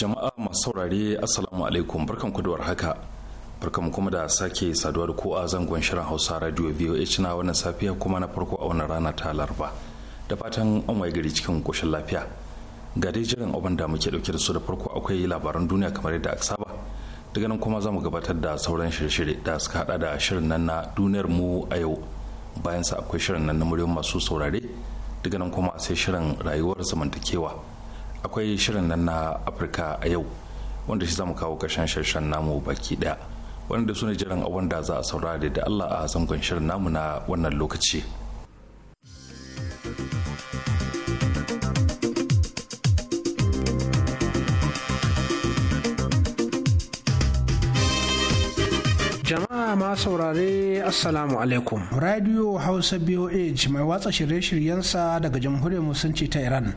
jama'a masu saurare assalamu alaikum barkan ku da warhaka barkan kuma da sake saduwa da ko a zangon shirin hausa radio voh na wannan safiya kuma na farko a wannan rana ta laraba da fatan an waye gari cikin koshin lafiya ga dai jiran abin da muke dauke da su da farko akwai labaran duniya kamar yadda aka saba daga nan kuma za mu gabatar da sauran shirye-shirye da suka hada da shirin nan na duniyar mu a yau bayan sa akwai shirin nan na muryoyin masu saurare daga nan kuma sai shirin rayuwar zamantakewa akwai shirin nan na afirka a yau wanda shi zamu kawo kashen sharshen namu baki daya wanda su ne jiran abin da za a saurara da allah a zangon shirin namu na wannan lokaci jama'a ma saurare assalamu alaikum radio hausa boh mai watsa shirye-shiryensa daga jamhuriyar musulunci ta iran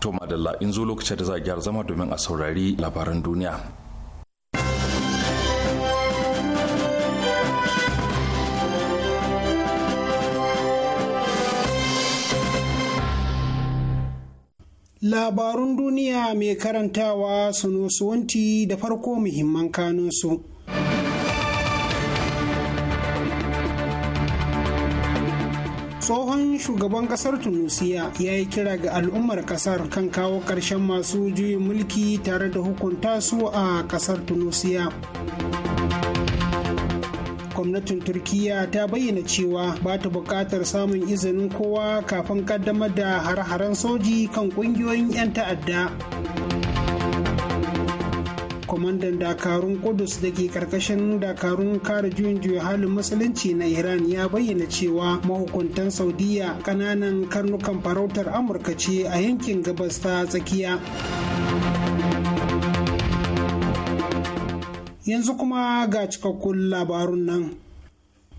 To madalla in zo lokacin da za a gyara zama domin a saurari labaran duniya. Labarun duniya mai karantawa suwanti da farko muhimman kanunsu. tsohon shugaban kasar tunisia ya yi kira ga al'ummar kasar kan kawo ƙarshen masu juyin mulki tare da hukunta su a kasar tunisia gwamnatin turkiya ta bayyana cewa ba ta buƙatar samun izinin kowa kafin kaddamar da har-haren soji kan ƙungiyoyin 'yan ta'adda kwamandan dakarun kudus da ke karkashin dakarun kare juyin juya halin musulunci na iran ya bayyana cewa mahukuntan saudiya kananan karnukan farautar amurka ce a yankin gabas ta tsakiya yanzu kuma ga cikakkun labarun nan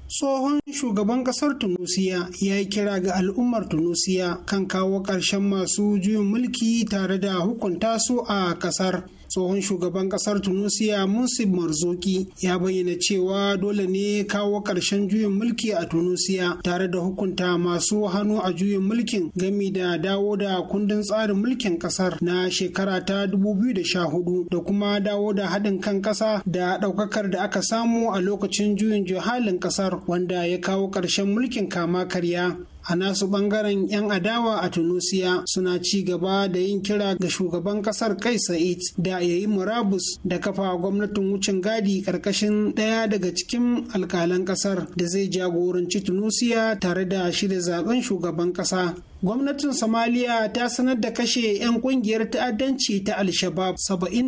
tsohon shugaban kasar tunusiya ya yi kira ga al'ummar tunusiya kan kawo ƙarshen masu juyin mulki tare da hukunta su a kasar tsohon shugaban kasar tunisia musi Marzoki ya bayyana cewa dole ne kawo ƙarshen juyin mulki a tunisia tare da hukunta masu hannu a juyin mulkin gami da dawo da kundin tsarin mulkin kasar na shekara ta 2014 da kuma dawo da haɗin kan ƙasa da ɗaukakar da aka samu a lokacin juyin juhalin kasar wanda ya kawo ƙarshen mulkin kama karya a nasu ɓangaren 'yan adawa a tunusiya suna ci gaba da yin kira ga shugaban ƙasar kai sa'id da yayi murabus da kafa gwamnatin wucin gadi ƙarƙashin ɗaya daga cikin alkalan ƙasar da zai jagoranci tunusiya tare da shirya zaben shugaban ƙasa. gwamnatin somaliya ta sanar da kashe 'yan kungiyar ta'addanci ta al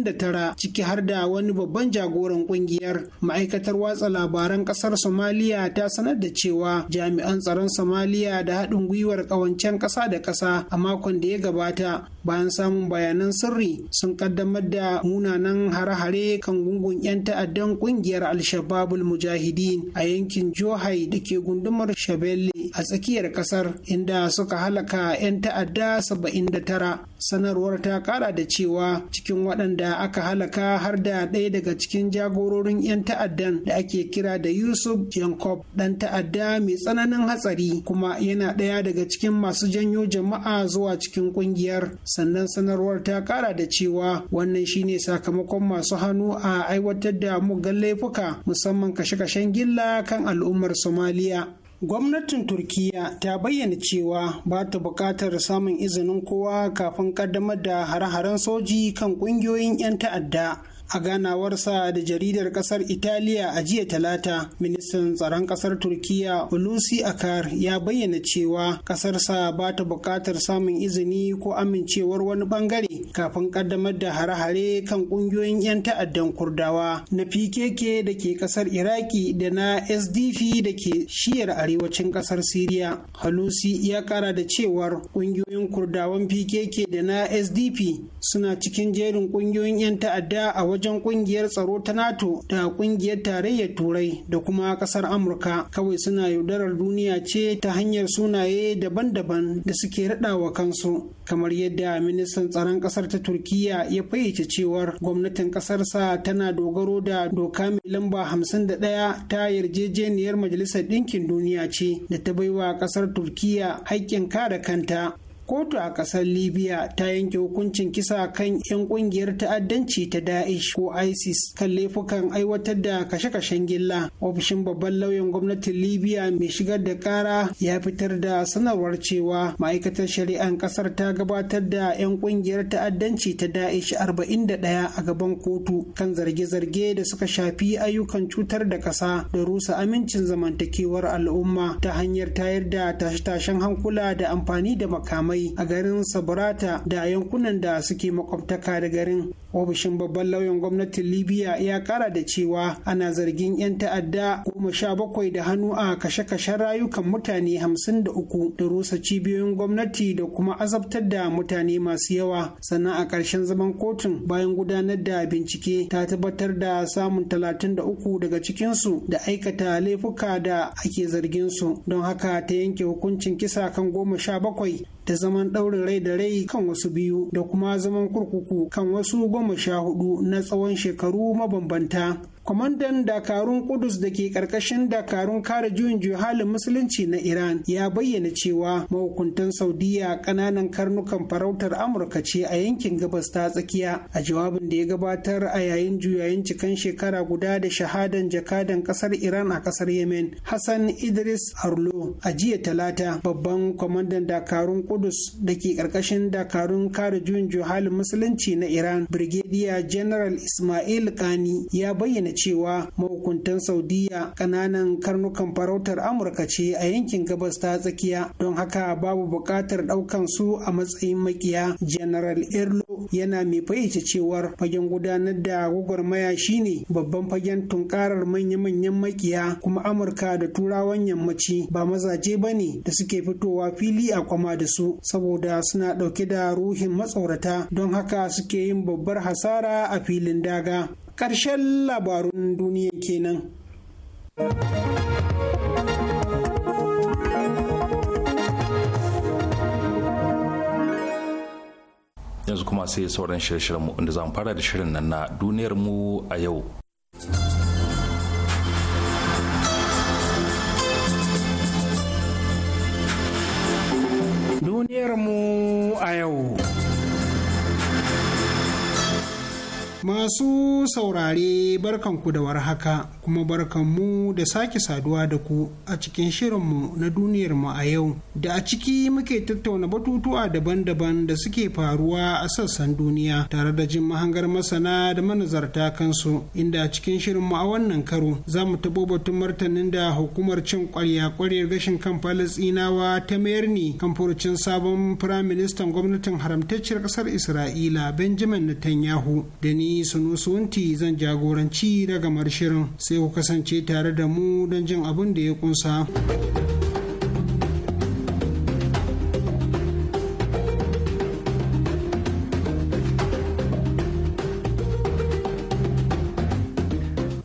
da tara, ciki har da wani babban jagoran kungiyar ma'aikatar watsa labaran kasar somaliya ta sanar da cewa jami'an tsaron somaliya da haɗin gwiwar ƙawancen ƙasa da ƙasa a makon da ya gabata bayan samun bayanan sirri sun kaddamar da munanan hare-hare kan gungun 'yan ta'addan kungiyar al-shababul mujahideen a yankin johai da ke gundumar shabelle a tsakiyar kasar inda suka halaka 'yan ta'adda 79 sanarwar ta kara da cewa cikin waɗanda aka halaka har da ɗaya daga cikin jagororin 'yan ta'addan da ake kira da yusuf jankob ɗan ta'adda mai tsananin hatsari kuma yana ɗaya daga cikin masu janyo jama'a zuwa cikin ƙungiyar sannan sanarwar ta kara da cewa wannan shine sakamakon masu hannu a aiwatar da muggan laifuka musamman kashe-kashen gilla kan al'ummar somaliya Gwamnatin Turkiyya ta bayyana cewa ba ta buƙatar samun izinin kowa kafin ƙaddamar da hare-haren soji kan ƙungiyoyin 'yan ta'adda. a ganawarsa da jaridar kasar italiya a jiya talata ministan tsaron kasar turkiya ulusi akar ya bayyana cewa kasarsa ba ta buƙatar samun izini ko amincewar wani bangare kafin kaddamar da hare-hare kan ƙungiyoyin 'yan ta'addan kurdawa na pkk da ke kasar iraki da na SDP da ke shiyar arewacin kasar siriya halusi ya kara da cewar ƙungiyoyin kurdawan pkk da na sdp suna cikin jerin ƙungiyoyin 'yan ta'adda a wajen kungiyar tsaro ta nato da kungiyar tarayyar turai da kuma kasar amurka kawai suna yaudarar duniya ce ta hanyar sunaye daban-daban da suke raɗawa kansu kamar yadda ministan tsaron ƙasar ta turkiya ya fayyace cewar gwamnatin ƙasarsa tana dogaro da doka mai lamba hamsin da 51 ta yarjejeniyar majalisar ɗinkin duniya ce da ta baiwa ƙasar turkiya haƙƙin kare kanta kotu a ƙasar libya ta yanke hukuncin kisa kan 'yan ƙungiyar ta'addanci ta daesh ko isis kan laifukan aiwatar da kashe-kashen gilla ofishin babban lauyan gwamnatin libya mai shigar da ƙara ya fitar da sanarwar cewa ma'aikatar shari'an ƙasar ta gabatar da 'yan ƙungiyar ta'addanci ta daesh 41 a gaban kotu kan zarge-zarge da suka shafi ayyukan cutar da ƙasa da rusa amincin zamantakewar al'umma ta hanyar tayar da tashe-tashen hankula da amfani da makamai mai a garin saburata da yankunan da suke makwabtaka da garin ofishin babban lauyan gwamnatin libya ya kara da cewa ana zargin 'yan ta'adda goma sha bakwai da hannu a kashe-kashen rayukan mutane hamsin da uku da rusa cibiyoyin gwamnati da kuma azabtar da mutane masu yawa sannan a ƙarshen zaman kotun bayan gudanar da bincike ta tabbatar da samun talatin da uku daga cikinsu da aikata laifuka da ake zargin su don haka ta yanke hukuncin kisa kan goma sha bakwai da zaman ɗaurin rai da rai kan wasu biyu da kuma zaman kurkuku kan wasu goma goma sha hudu na tsawon shekaru mabambanta kwamandan dakarun kudus da ke karkashin dakarun kare juyin juhalin musulunci na iran ya bayyana cewa mahukuntan saudiya kananan karnukan farautar amurka ce a yankin gabas ta tsakiya a jawabin da ya gabatar a yayin juyayin cikan shekara guda da shahadan jakadan kasar iran a kasar yemen hassan idris arlo a jiya talata babban kwamandan dakarun kudus da ke karkashin dakarun kare juyin juhalin musulunci na iran brigadier general ismail kani ya bayyana cewa mahukuntan saudiya kananan karnukan farautar amurka ce a yankin gabas ta tsakiya don haka babu buƙatar ɗaukan su a matsayin makiya general erlo yana mai fahimci cewar fagen gudanar da gwagwarmaya shine babban fagen tunkarar manya-manyan makiya kuma amurka da turawan yammaci ba mazaje ba ne da suke fitowa fili a kwama da su saboda suna dauke da ruhin matsaurata don haka suke yin babbar hasara a filin daga karshen labarun duniya kenan. yanzu kuma sai sauran shirye-shiryenmu inda zan fara da shirin nan na duniyar mu a yau. Duniyar mu a yau. Masu saurare barkanku da warhaka kuma barkanmu da sake saduwa da ku a cikin shirinmu na duniyarmu a yau da a ciki muke tattauna batutuwa daban-daban da suke faruwa a sassan duniya tare da jin mahangar masana da manazarta kansu inda a cikin shirinmu a wannan karo za mu taɓo batun martanin da hukumar cin ƙwarya kwaryar gashin kan Falasinawa ta mayar ni kan furucin sabon firaministan gwamnatin haramtacciyar ƙasar Isra'ila Benjamin Netanyahu da ni ni sunusunti zan jagoranci daga shirin sai ku kasance tare da mu don jin abin da ya kunsa.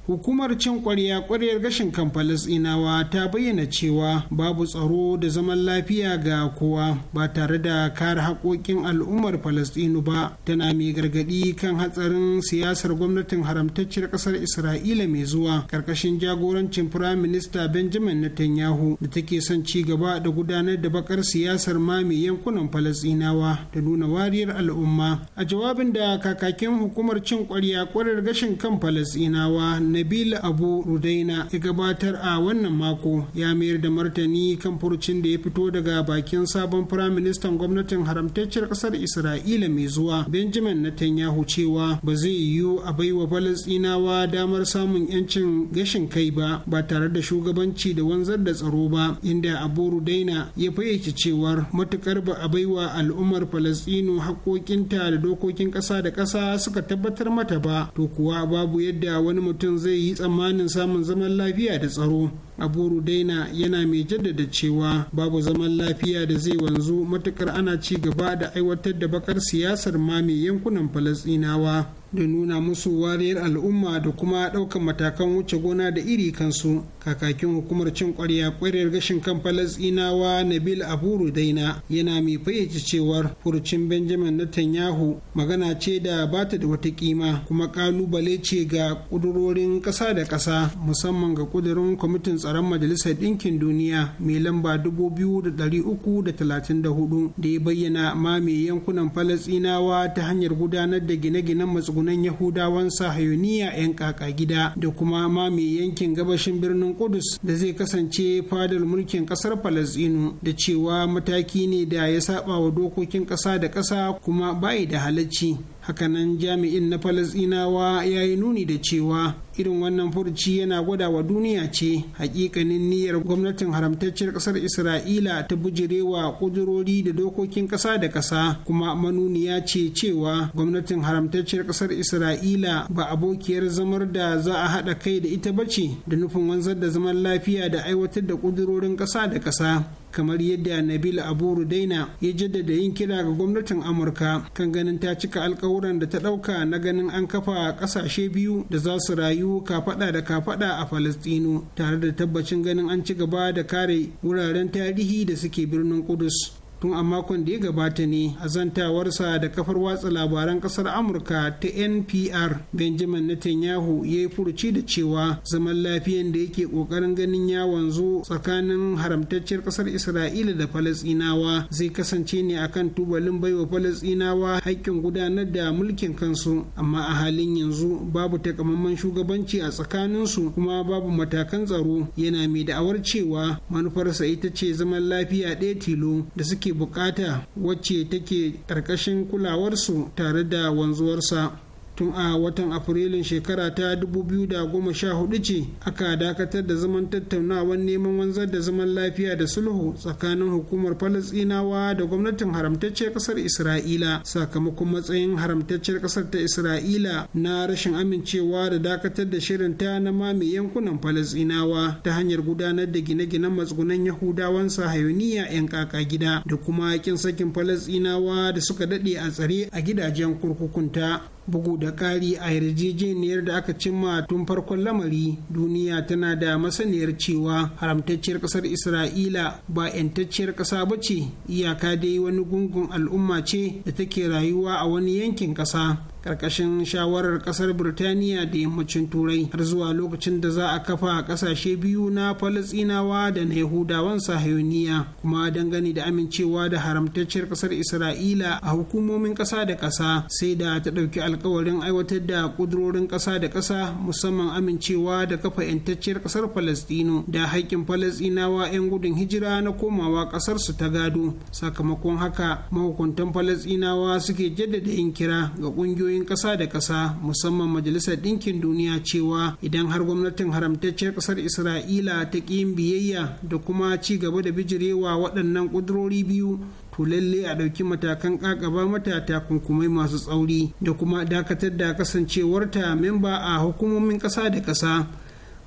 hukumar cin ƙwarya kwaryar gashin kan falasɗinawa ta bayyana cewa babu tsaro da zaman lafiya ga kowa ba tare da kare haƙoƙin al'ummar falasɗinu ba tana mai gargaɗi kan hatsarin siyasar gwamnatin haramtacciyar ƙasar isra'ila mai zuwa ƙarƙashin jagorancin firayim minista benjamin netanyahu da take son ci gaba da gudanar da bakar siyasar ma mai yankunan falasɗinawa da nuna wariyar al'umma a jawabin da kakakin hukumar cin kwarya kwaryar gashin kan falasɗinawa na Nabil abu rudaina ya gabatar a wannan mako ya mayar da martani kan furucin da ya fito daga bakin sabon firaministan gwamnatin haramtacciyar ƙasar isra'ila mai zuwa benjamin netanyahu cewa ba zai yiwu a baiwa falastinawa damar samun 'yancin gashin kai ba ba tare da shugabanci da wanzar da tsaro ba inda abu rudaina ya fayyace cewar matukar ba a baiwa al'ummar falasɗinu haƙƙoƙinta da dokokin ƙasa da ƙasa suka tabbatar mata ba to kuwa babu yadda wani mutum zai zai yi tsammanin samun zaman lafiya da tsaro aburu daina yana mai jaddada cewa babu zaman lafiya da zai wanzu matukar ana ci gaba da aiwatar da bakar siyasar mai yankunan falasinawa da nuna musu wariyar al'umma da kuma ɗaukar matakan wuce gona da iri kansu kakakin hukumar cin ƙwarya ƙwarar gashin kan falasinawa nabil aburu daina yana mai fayyace cewar furucin benjamin netanyahu magana ce da bata da wata kima kuma ƙalubale ce ga ƙudurorin ƙasa da ƙasa musamman ga ƙudurin kwamitin tsaron majalisar ɗinkin duniya mai lamba 2334 da ya bayyana mame yankunan falasinawa ta hanyar gudanar da gine-ginen matsugunan yahudawan sahayoniya 'yan kaka gida da kuma mame yankin gabashin birnin kudus da zai kasance fadar mulkin kasar falasinu da cewa mataki ne da ya saba wa dokokin ƙasa da ƙasa kuma bai da halacci hakanan jami'in na falasinawa ya yi nuni da cewa irin wannan furci yana gwada wa duniya ce hakikanin niyyar gwamnatin haramtacciyar kasar isra'ila ta bujirewa kudurori da dokokin kasa da kasa kuma manuniya ce cewa gwamnatin haramtacciyar kasar isra'ila ba abokiyar zamar da za a haɗa kai da ita bace da nufin wanzar da zaman lafiya da aiwatar da kudurorin kasa da kasa kamar yadda nabil aburu daina ya jaddada yin kira ga gwamnatin amurka kan ganin ta cika alkawuran da ta ɗauka na ganin an kafa ƙasashe biyu da za su rayu kafaɗa da kafaɗa a falastinu tare da tabbacin ganin an ci gaba da kare wuraren tarihi da suke birnin kudus tun a makon da ya gabata ne a zantawarsa da kafar watsa labaran kasar amurka ta npr benjamin netanyahu ya yi furuci da cewa zaman lafiyan da yake kokarin ganin ya wanzu tsakanin haramtacciyar kasar isra'ila da falasinawa zai kasance ne akan tubalin baiwa falasinawa haƙƙin gudanar da mulkin kansu amma a halin yanzu babu takamaiman shugabanci a tsakaninsu kuma babu matakan tsaro yana mai da'awar cewa manufarsa ita ce zaman lafiya ɗaya tilo da suke ke bukata wacce take ƙarƙashin kulawarsu tare da wanzuwarsa tun a watan afrilun shekara ta 2014 ce aka dakatar da zaman tattaunawar neman wanzar da zaman lafiya da sulhu tsakanin hukumar falasinawa da gwamnatin haramtacciyar kasar isra'ila sakamakon matsayin haramtacciyar kasar ta isra'ila na rashin amincewa da dakatar da shirin ta na mame yankunan falasinawa ta hanyar gudanar da gine-ginen matsugunan yahudawan sahayoniya 'yan kaka gida da kuma yakin sakin falasinawa da suka dade a tsare a gidajen kurkukunta bugu da ƙari a yarjejeniyar da aka cimma tun farkon lamari duniya tana da masaniyar cewa haramtacciyar ƙasar isra'ila ba 'yantacciyar ƙasa ba ce iyaka dai wani gungun al'umma ce da take rayuwa a wani yankin ƙasa karkashin shawarar kasar birtaniya da yammacin turai har zuwa lokacin da za a kafa kasashe biyu na falasinawa da na yahudawan sahayoniya kuma dangane da amincewa da haramtacciyar kasar isra'ila a hukumomin kasa da kasa sai da ta ɗauki alkawarin aiwatar da ƙudurorin kasa da kasa musamman amincewa da kafa yantacciyar kasar falastino da haƙƙin falasinawa 'yan gudun hijira na komawa kasar su ta gado sakamakon haka mahukuntan falasinawa suke jaddada yin kira ga ƙungiyoyi ƙungiyoyin ƙasa da ƙasa musamman majalisar ɗinkin duniya cewa idan har gwamnatin haramtacciyar ƙasar isra'ila ta ƙi biyayya da kuma ci gaba da bijirewa waɗannan ƙudurori biyu to lalle a ɗauki matakan ƙaƙaba mata takunkumai masu tsauri da kuma dakatar da kasancewarta memba a hukumomin ƙasa da ƙasa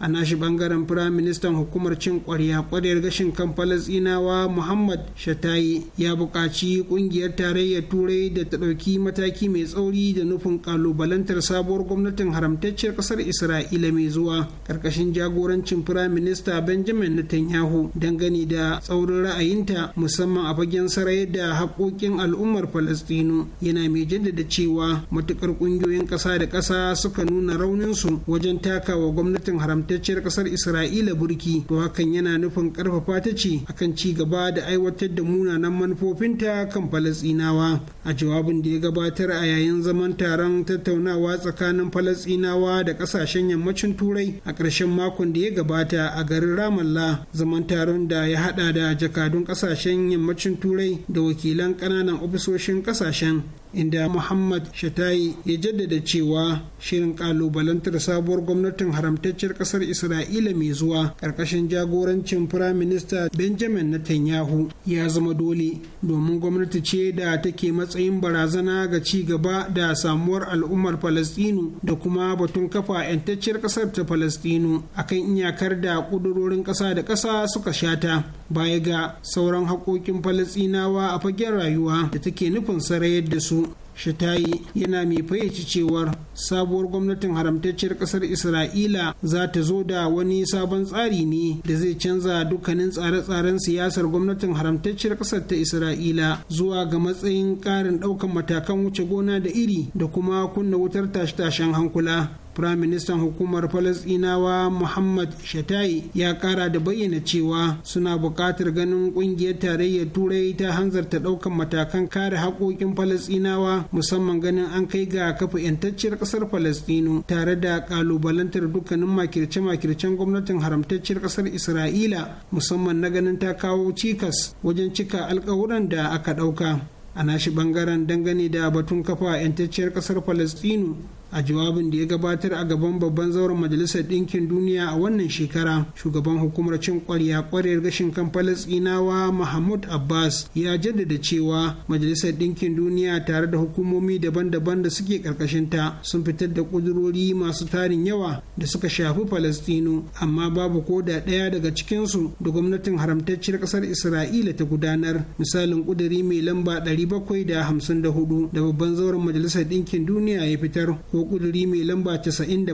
a nashi bangaren firaministan hukumar cin kwarya kwaryar gashin kan falasinawa muhammad shatayi ya buƙaci ƙungiyar tarayyar turai da ta ɗauki mataki mai tsauri da nufin ƙalubalantar sabuwar gwamnatin haramtacciyar ƙasar isra'ila mai zuwa ƙarƙashin jagorancin firaminista benjamin netanyahu dangane da tsaurin ra'ayinta musamman a fagen sarayar da haƙoƙin al'ummar falastinu yana mai jaddada cewa matuƙar ƙungiyoyin ƙasa da ƙasa suka nuna rauninsu wajen takawa gwamnatin haramtacciyar fitacciyar kasar isra'ila burki to hakan yana nufin karfafa ta ce akan ci gaba da aiwatar da munanan manufofinta kan falasinawa a jawabin da ya gabatar a yayin zaman taron tattaunawa tsakanin falasinawa da kasashen yammacin turai a ƙarshen makon da ya gabata a garin ramallah zaman taron da ya hada da jakadun kasashen yammacin turai da wakilan ƙananan ofisoshin kasashen inda muhammad shatayi ya jaddada cewa shirin kalubalantar sabuwar gwamnatin haramtacciyar kasar isra'ila mai zuwa ƙarƙashin jagorancin firaminista benjamin netanyahu ya zama dole domin gwamnati ce da take matsayin barazana ga ci gaba da samuwar al'ummar falastinu da kuma batun kafa 'yantacciyar kasar ta falastinu akan iyakar da ƙudurorin ƙasa da ƙasa suka shata baya ga sauran haƙoƙin falasinawa a fagen rayuwa da take nufin sarayar da su Shatayi yana mai fayyace cewar sabuwar gwamnatin haramtacciyar ƙasar Isra'ila za ta zo da wani sabon tsari ne da zai canza dukkanin tsare-tsaren siyasar gwamnatin haramtacciyar ƙasar ta Isra'ila zuwa ga matsayin ƙarin ɗaukan matakan wuce gona da iri da kuma kunna wutar tashe-tashen hankula. Firaministan hukumar Falasɗinawa Muhammad Shatai ya kara da bayyana cewa suna bukatar ganin ƙungiyar tarayyar Turai ta hanzarta ɗaukar matakan kare haƙoƙin Falasɗinawa musamman ganin an kai ga kafa 'yantacciyar ƙasar Falasɗinu tare da ƙalubalantar dukkanin makirce-makircen gwamnatin haramtacciyar ƙasar Isra'ila musamman na ganin ta kawo cikas wajen cika alƙawuran da aka ɗauka. A nashi ɓangaren dangane da batun kafa 'yantacciyar ƙasar Falasɗinu a jawabin da ya gabatar a gaban babban zauren majalisar ɗinkin duniya a wannan shekara shugaban hukumar cin kwarya kwarar gashin kan falasɗinawa mahmud abbas ya jaddada cewa majalisar ɗinkin duniya tare da hukumomi daban-daban da suke ta sun fitar da ƙudurori masu tarin yawa da suka shafi falasɗinu amma babu ko da ɗaya daga cikinsu da gwamnatin haramtacciyar ƙasar isra'ila ta gudanar misalin ƙuduri mai lamba 754 da babban zauren majalisar ɗinkin duniya ya fitar ko kuma kuduri mai lamba 97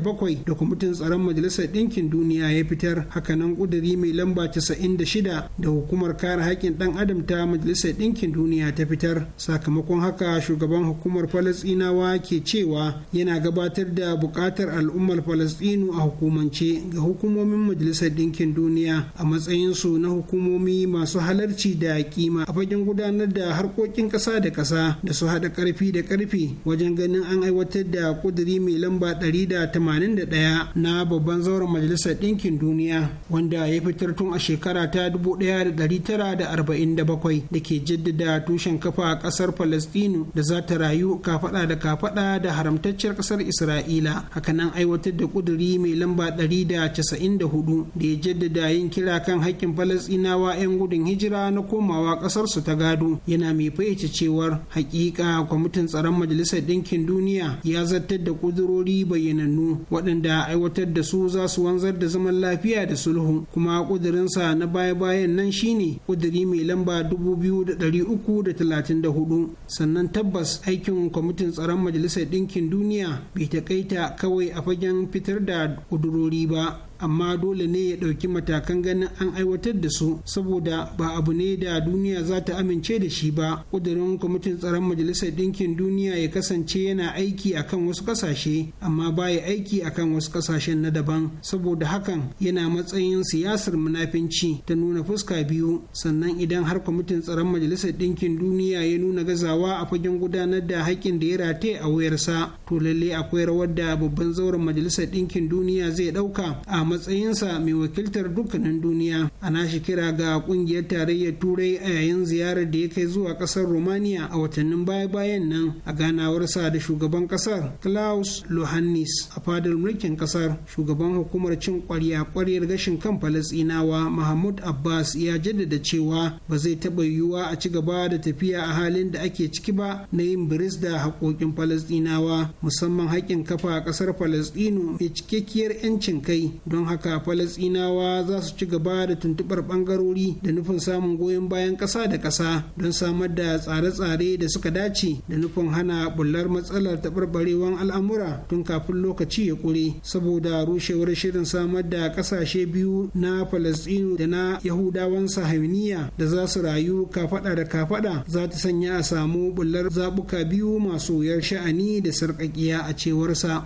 da kwamitin tsaron majalisar ɗinkin duniya ya fitar hakanan kuduri mai lamba 96 da hukumar kare haƙƙin ɗan adam ta majalisar ɗinkin duniya ta fitar sakamakon haka shugaban hukumar falastinawa ke cewa yana gabatar da buƙatar al'ummar falasɗinu a hukumance ga hukumomin majalisar ɗinkin duniya a matsayinsu na hukumomi masu halarci da kima a fagen gudanar da harkokin ƙasa da ƙasa da su haɗa ƙarfi da ƙarfi wajen ganin an aiwatar da ƙudiri mai lamba 181 na babban zauren majalisar ɗinkin duniya wanda ya fitar tun a shekara ta 1947 da ke jaddada tushen kafa a ƙasar palestinu da za ta rayu kafaɗa da kafaɗa da haramtacciyar ƙasar Isra'ila hakanan aiwatar da ƙuduri mai lamba 194 da ya jaddada yin kira kan haƙƙin Falastinawa 'yan gudun hijira na komawa ƙasarsu ta gado yana mai fayyace cewar hakika kwamitin tsaron majalisar ɗinkin duniya ya zartar da kudurori bayyanannu waɗanda aiwatar da su za su wanzar da zaman lafiya da sulhu kuma ƙudurinsa na baya-bayan nan shine ƙuduri mai lamba 2334 sannan tabbas aikin kwamitin tsaron majalisar ɗinkin duniya bai taƙaita kawai a fagen fitar da ƙudurori ba amma dole ne ya ɗauki matakan ganin an aiwatar da su saboda ba abu ne da duniya za ta amince da shi ba ƙudurin kwamitin tsaron majalisar ɗinkin duniya ya kasance yana aiki akan wasu ƙasashe amma ba ya aiki akan wasu ƙasashen na daban saboda hakan yana matsayin siyasar munafinci ta nuna fuska biyu sannan idan har kwamitin tsaron majalisar ɗinkin duniya ya nuna gazawa a fagen gudanar da haƙƙin da ya rataye a wuyarsa to lalle akwai rawar da babban zauren majalisar ɗinkin duniya zai ɗauka a matsayinsa mai wakiltar dukkanin duniya a nashi kira ga kungiyar tarayyar turai a yayin ziyarar da ya kai zuwa kasar romania a watannin baya-bayan nan a ganawarsa da shugaban kasar klaus lohannis a fadar mulkin kasar shugaban hukumar cin kwarya kwaryar gashin kan falasinawa mahmud abbas ya jaddada cewa ba zai taɓa yiwuwa a ci gaba da tafiya a halin da ake ciki ba na yin biris da haƙoƙin falasinawa musamman haƙƙin kafa a ƙasar falasɗinu mai cikakkiyar 'yancin kai don don haka falasinawa za su ci gaba da tuntubar bangarori da nufin samun goyon bayan ƙasa da ƙasa don samar da tsare-tsare da suka dace da nufin hana bullar matsalar taɓarɓarewar al'amura tun kafin lokaci ya ƙure saboda rushewar shirin samar da ƙasashe biyu na falasinu da na yahudawan sahaminiya da za su rayu kafaɗa da kafaɗa za ta sanya a samu bullar zaɓuka biyu masu yar sha'ani da sarƙaƙiya a cewarsa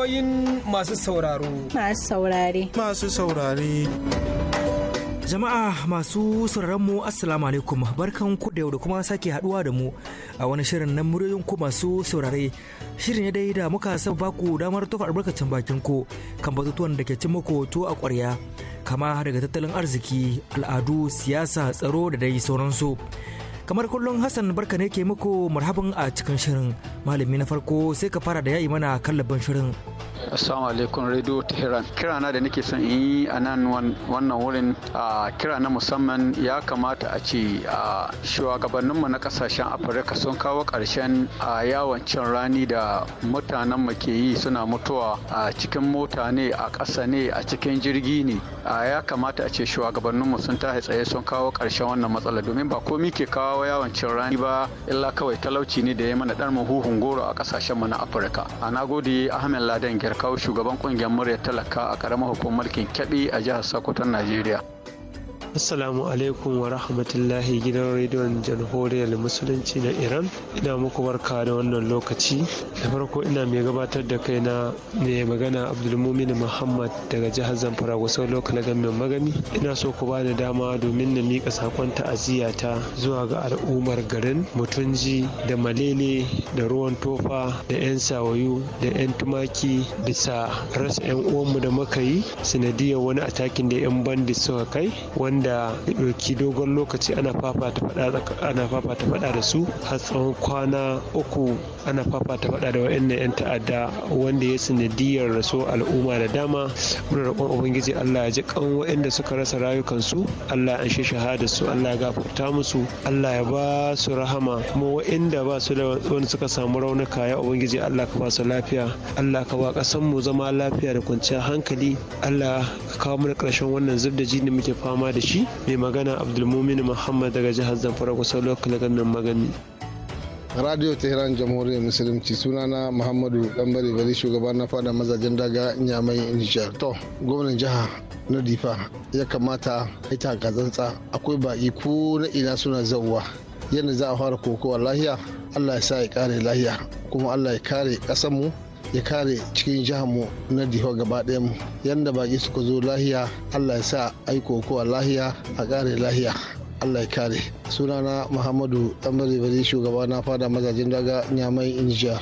Muryoyin masu sauraro. Masu saurare. Masu saurare. Jama'a masu sauraron mu Assalamu alaikum barkan ku da yau da kuma sake haduwa da mu a wani shirin na muryoyin ku masu saurare. Shirin ya dai da muka saba baku damar tofa albarkacin bakin ku kan batutuwan da ke cin muku to a ƙwarya kama daga tattalin arziki, al'adu, siyasa, tsaro da dai sauransu. kamar kullum Hassan barka ne ke muku marhaban a cikin shirin malami na farko sai ka fara da yayi mana kallabin shirin. Assalamu alaikum Radio Tehran. Kira na da nake son yi a nan wannan wurin a kira na musamman ya kamata a ce a shugabanninmu na kasashen Afirka sun kawo karshen a yawon cin rani da mutanen mu ke yi suna mutuwa a cikin mota ne a ƙasa ne a cikin jirgi ne. A ya kamata a ce shugabanninmu sun tashi tsaye sun kawo karshen wannan matsala domin ba komi ke kawo kawo yawon cin rani ba illa kawai talauci ne da ya mana dan muhuhun goro a kasashen mu na Afirka. A nagode Ahmed Laden Gerkau shugaban kungiyar murya talaka a karamar hukumar mulkin Kebbi a jihar Sokoto Najeriya. Assalamu alaikum wa rahmatullahi gidan rediyon jamhuriyar musulunci na Iran. Ina muku barka da wannan lokaci. Da farko ina mai gabatar da kaina mai magana Abdulmumin Muhammad daga jihar Zamfara kusan lokal gamin magami. Ina so ku bani dama domin na mika sakon ta zuwa ga al'ummar garin mutunji da malele da ruwan tofa da 'yan sawayu da 'yan tumaki bisa rasa 'yan uwanmu da muka yi sanadiyar wani atakin da 'yan bandit suka kai wani inda ya ɗauki dogon lokaci ana fafata faɗa da su har tsawon kwana uku ana fafata faɗa da wa'annan 'yan ta'adda wanda ya sanadiyar raso al'umma da dama muna roƙon ubangiji allah ya ji kan wa'anda suka rasa rayukansu allah an shi shahada su allah ya gafarta musu allah ya ba su rahama kuma wa'anda ba su da wani suka samu raunuka ya ubangiji allah ka ba su lafiya allah ka ba ƙasan mu zama lafiya da kwanciyar hankali allah ka kawo mana ƙarshen wannan zub da jini muke fama da shi shi mai magana abdulmumin muhammad daga jihar zamfara kusa lokacin nan magani radio tehran jamhuriyar musulunci sunana muhammadu dambare bari shugaban na fada mazajen daga nyamai nijar to gwamnan jiha na difa ya kamata ita kazantsa akwai baƙi ko na ina suna zauwa yadda za a fara a lahiya allah ya sa ya kare lahiya kuma allah ya kare kasanmu ya kare cikin jihanmu na diho gaba ɗayan yadda baki suka zo lahiya allah ya sa aiko a lahiya a kare lahiya allah ya kare sunana muhammadu ɗan bari shugaba na fada mazajen daga nyamai injiya.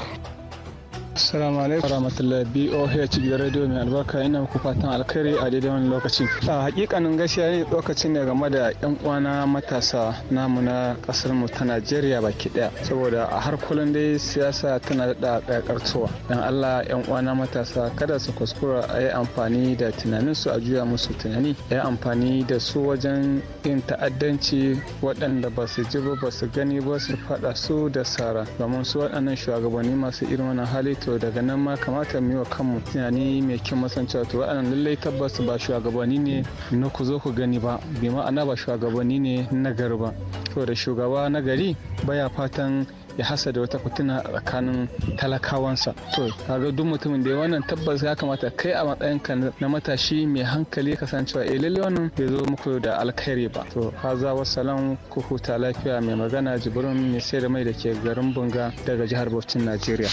Assalamu alaikum o BOH gidan radio mai albarka ina muku fatan alkhairi a daidai wani lokaci. A hakikanin gaskiya ne lokacin ne game da yan uwana matasa namu na kasar mu ta Najeriya baki daya saboda a har kullun dai siyasa tana da karkartowa. Dan Allah yan uwana matasa kada su kuskura a yi amfani da tunanin su a juya musu tunani a yi amfani da su wajen yin ta'addanci waɗanda ba su ji ba ba su gani ba su faɗa su da sara domin su waɗannan shugabanni masu irin wannan hali so daga nan ma kamata mu yi wa kanmu tunani mai kyau masancewa to wa'annan lallai tabbas ba shugabanni ne na ku zo ku gani ba bi ma'ana ba shugabanni ne na gari ba da shugaba na gari baya fatan ya hasa da wata fitina a tsakanin talakawansa to kaga duk mutumin da ya wannan tabbas ya kamata kai a matsayinka na matashi mai hankali kasancewa. san cewa eh, wannan bai zo muku da alkhairi ba to haza wassalam ku huta lafiya mai magana jibrin mai sai da mai da ke garin bunga daga jihar Bauchin Najeriya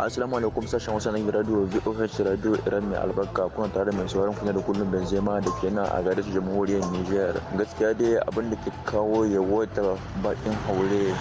Assalamu alaikum sashen wasu nan radio VOH radio Iran mai albarka kuna tare mai sauran kunya da kullum Benzema da ke nan a garin jamhuriyar nijar Gaskiya dai abin da ke kawo wata bakin haure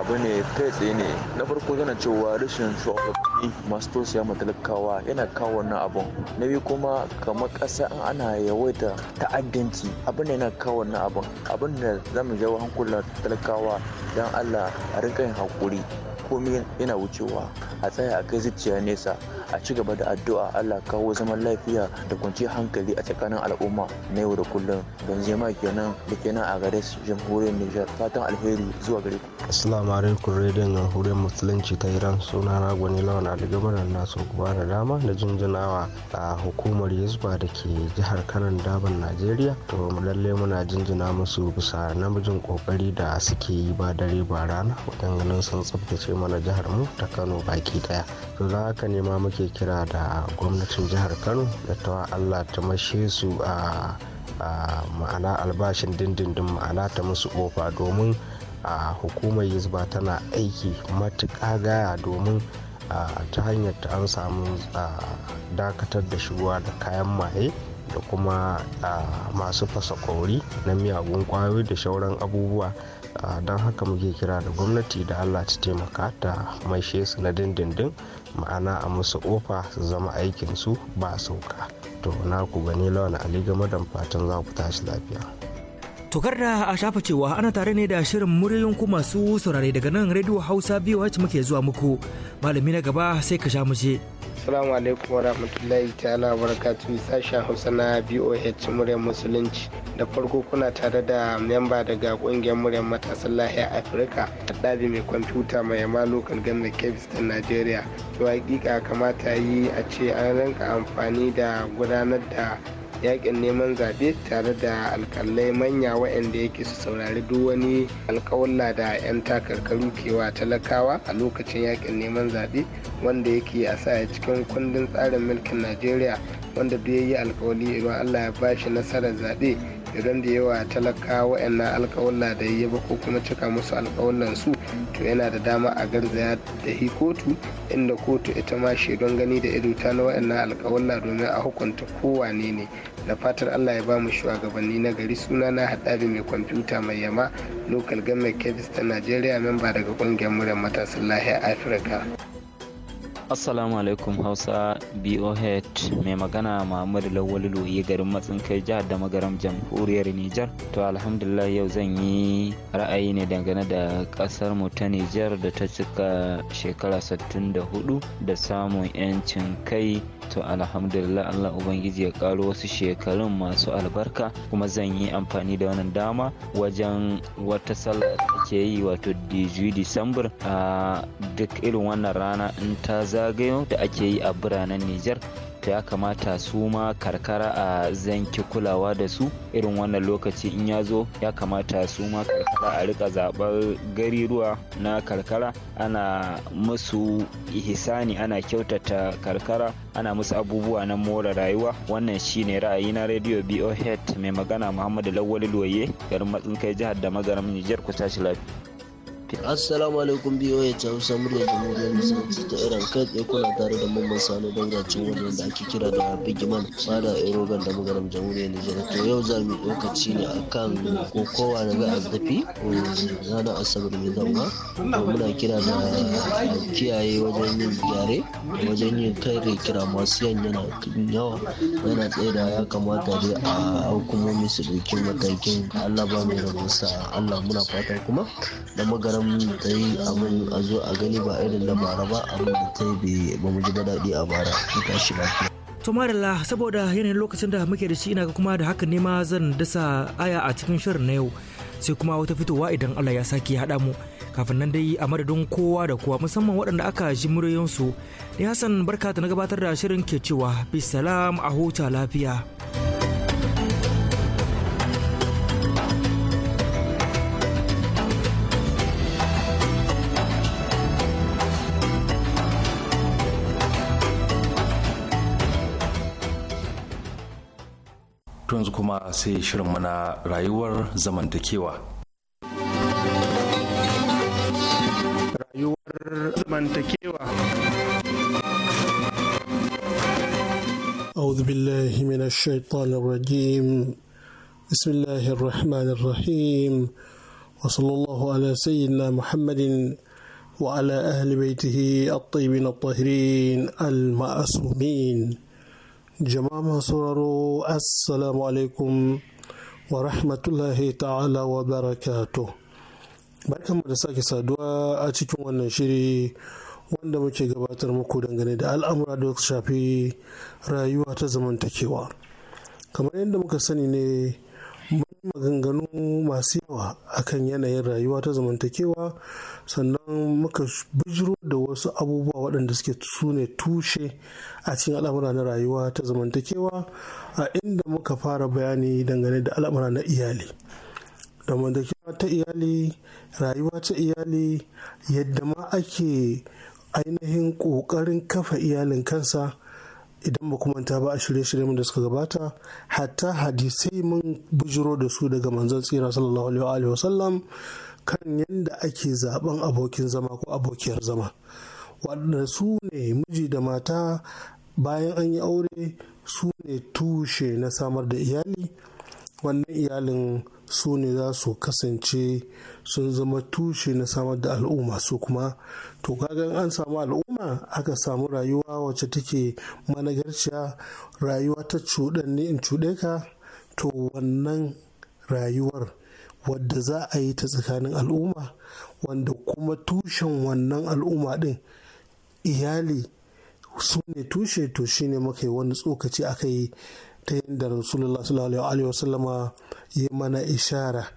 abu ne kai tsaye ne. Na farko zana cewa rashin shugabanni masu tosiya matalakawa yana kawo wannan abun. Na biyu kuma kamar ƙasa an ana yawaita ta'addanci abin da yana kawo wannan abun. Abin da zamu jawo hankulan talakawa don Allah a rinka yin hakuri. komai yana wucewa a tsaya a kai zuciya nesa a ci gaba da addu'a Allah kawo zaman lafiya da kwanciyar hankali a tsakanin al'umma na yau da kullum don zema kenan da kenan a gares jamhuriyar niger fatan alheri zuwa gare ku. Assalamu alaikum rediyon jamhuriyar musulunci ta Iran suna na gwani lawan aligamar na so ku da dama da jinjinawa a hukumar Yizba da ke jihar Kanan Daban Najeriya to mu lalle muna jinjina musu bisa namijin kokari da suke yi ba dare ba rana wajen ganin sun tsabtace ce mana jihar mu ta kano baki daya to za haka ne ma muke kira da gwamnatin jihar kano da ta allah ta mashe su a ma'ana albashin dindindin ma'ana ta musu kofa domin a hukumar yizba tana aiki matuƙa gaya domin ta hanyar ta an samu dakatar da shigowa da kayan maye da kuma masu fasa kwauri na miyagun kwayoyi da shauran abubuwa don haka muke kira da gwamnati da allah ta taimaka ta maishe su na dindindin ma'ana a musu ofa su zama aikinsu ba sauka to na ku gani launa ali game da fatan za ku tashi lafiya tokar da a shafa cewa ana tare ne da shirin muryoyin ku masu saurare daga nan radio hausa biyu voh muke zuwa muku malami na gaba sai ka sha mu je. Assalamu alaikum wa rahmatullahi ta'ala wa barakatuhu sashen Hausa na BOH muryar Musulunci. Da farko kuna tare da memba daga kungiyar muryar matasan lahiya Afirka a ɗabi mai kwamfuta mai yama lokal gannan Kebis ta Najeriya. To hakika kamata yi a ce an rinka amfani da gudanar da yakin neman zaɓe tare da alkalai manya waɗanda yake su saurari duk wani alkawalla da 'yan takarkaru kewa talakawa a lokacin yakin neman zaɓe wanda yake a sa cikin kundin tsarin mulkin najeriya wanda duk ya yi alkawali idan allah ya bashi nasarar zaɓe idan da yawa talaka wa'annan alkawalla da ya ba ko kuma cika musu alkawallansu su to yana da dama a garzaya da hi kotu inda kotu ita ma don gani da ido ta na wa'annan alkawalla domin a hukunta kowane ne da fatar allah ya ba mu shugabanni na gari suna na haɗari mai kwamfuta mai yama local government kebis ta najeriya memba daga ƙungiyar muryar matasan lahiya afirka Assalamu alaikum Hausa BOHET mai magana Muhammadu Lawal Loyi garin matsin kai jihar da magaram jamhuriyar Nijar. To alhamdulillah yau zan yi ra'ayi ne dangane da kasar mu ta Nijar da ta cika shekara 64 da samun 'yancin kai. To alhamdulillah Allah Ubangiji ya karo wasu shekarun masu albarka kuma zan yi amfani da wannan dama wajen wata sallah da ke yi wato 18 Disambar a duk irin wannan rana in ta zagayen da ake yi a biranen Nijar to ya kamata su ma karkara a zanki kulawa da su irin wannan lokaci in ya zo ya kamata su ma karkara a rika zaɓar gariruwa na karkara ana musu hisani ana kyautata karkara ana musu abubuwa na more rayuwa wannan shine ra'ayi na radio boh mai magana muhammadu lawal loye garin matsin kai jihar da magaram nijar ku tashi lafiya Assalamu alaikum BOA ta Hausa murya jamhuriyar Musulunci ta Iran kai tsaye kuna tare da mamman Sani Dangacin wajen da ake kira da Big ba da Erogan da Mugaram Jamhuriyar Nijar. To yau za mu lokaci ne kan kokowa na za a zafi ranar Asabar mai zama. Muna kira da kiyaye wajen yin gyare wajen yin kare kira masu yana yawa yana tsaye da ya kamata dai a hukumomi su ɗauki matakin Allah ba mai rabu Allah muna fatan kuma da magaram san ta yi a zo gani ba irin na bara ba abin da ta yi ji daɗi a bara ta tashi lafiya. to marilla saboda yanayin lokacin da muke da shi ina kuma da haka ne ma zan dasa aya a cikin shirin na yau sai kuma wata fitowa idan Allah ya sake haɗa mu kafin nan dai a madadin kowa da kowa musamman waɗanda aka ji muryoyinsu ne Hassan barka ta na gabatar da shirin ke cewa bisalam a huta lafiya. kuma sai shirin mana rayuwar zamantakewa rayuwar zamantakewa أعوذ بالله من الشيطان الرجيم بسم الله الرحمن الرحيم وصلى الله على سيدنا محمد وعلى أهل بيته الطيبين الطاهرين المعصومين jama'a masu sauraro assalamu alaikum wa rahmatullahi ta'ala wa barakato barkanmu da sake saduwa a cikin wannan shiri wanda muke gabatar muku dangane da al'amura da shafi rayuwa ta zamantakewa kamar yadda muka sani ne maganganu masu yawa akan yanayin rayuwa ta zamantakewa sannan muka bijiro da wasu abubuwa waɗanda suke su ne tushe a cikin al'amura na rayuwa ta zamantakewa a inda muka fara bayani dangane da al'amura na iyali zamantakewa ta iyali rayuwa ta iyali yadda ma ake ainihin ƙoƙarin kafa iyalin kansa idan ba manta ba a shirye-shiryen da suka gabata hatta hadisai mun bujiro da su daga manzon tsira sallallahu alaihi wa sallam kan yadda ake zaben abokin zama ko abokiyar zama wadda su ne miji da mata bayan an yi aure su ne tushe na samar da iyali wannan iyalin su ne za su kasance sun zama tushe na samar da al'umma su kuma to kaga an samu al'umma aka samu rayuwa wacce take managarciya rayuwa ta cuɗanni in cuɗe ka to wannan rayuwar wadda za a yi ta tsakanin al'umma wanda kuma tushen wannan al'umma ɗin iyali su ne tushe to shine maka yi wani tsokaci aka yi ta yadda rasulullah sallallahu alaihi wasallama ya mana ishara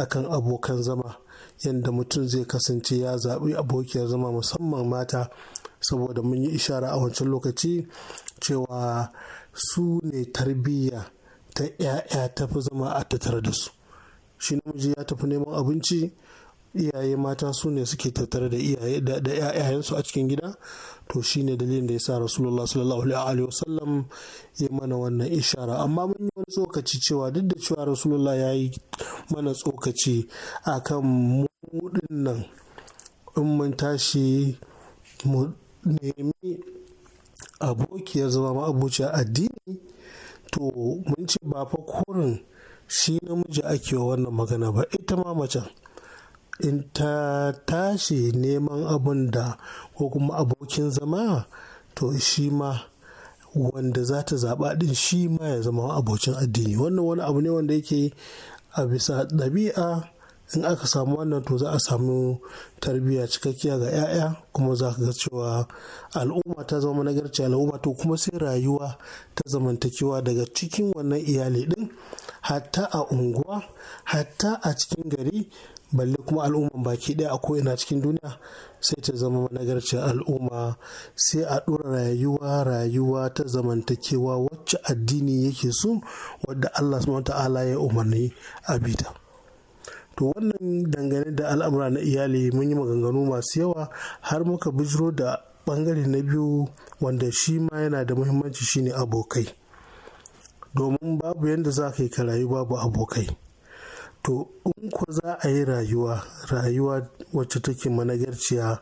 akan abokan zama yadda mutum zai kasance ya zaɓi abokiyar zama musamman mata saboda mun yi ishara a wancan lokaci cewa su ne tarbiyya ta 'ya'ya tafi zama a tattare da su shi namiji ya tafi neman abinci iyaye mata su ne suke tattare da iyaye da yayansu a cikin gida to shi ne dalilin da ya sa rasulullah sallallahu alaihi wasallam ya mana wannan ishara amma mun yi wani tsokaci cewa duk da cewa rasulullah ya yi mana tsokaci akan mu buɗin nan in mun tashi mu nemi abokiyar zama ma'abuciya addini to mun ce ba fa korin shi namiji ake wa wannan magana ba ita ma macen in ta tashi neman abin da ko kuma abokin zama to shi ma wanda za ta zaɓa ɗin shi ma ya zama abokin addini wannan wani abu ne wanda yake a bisa ɗabi'a in aka samu wannan to za a samu tarbiyya cikakkiya ga 'ya'ya kuma za ka ga cewa al'umma ta zama nagarci al'umma to kuma sai rayuwa ta zamantakewa daga cikin wannan iyali din hatta a unguwa hatta a cikin gari balle kuma al'umman baki ɗaya a ko'ina cikin duniya sai ta zama nagarcin al'umma sai a ɗora rayuwa rayuwa ta zamantakewa wacce addini yake so wadda allah subhanahu ta'ala ya umarni a bita. to wannan dangane da al'amura na iyali mun yi maganganu masu yawa har muka bijiro da bangare na biyu wanda shi ma yana da muhimmanci shine abokai domin babu yadda za ka yi ka rayu babu abokai to in ku za a yi rayuwa rayuwa wacce take managarciya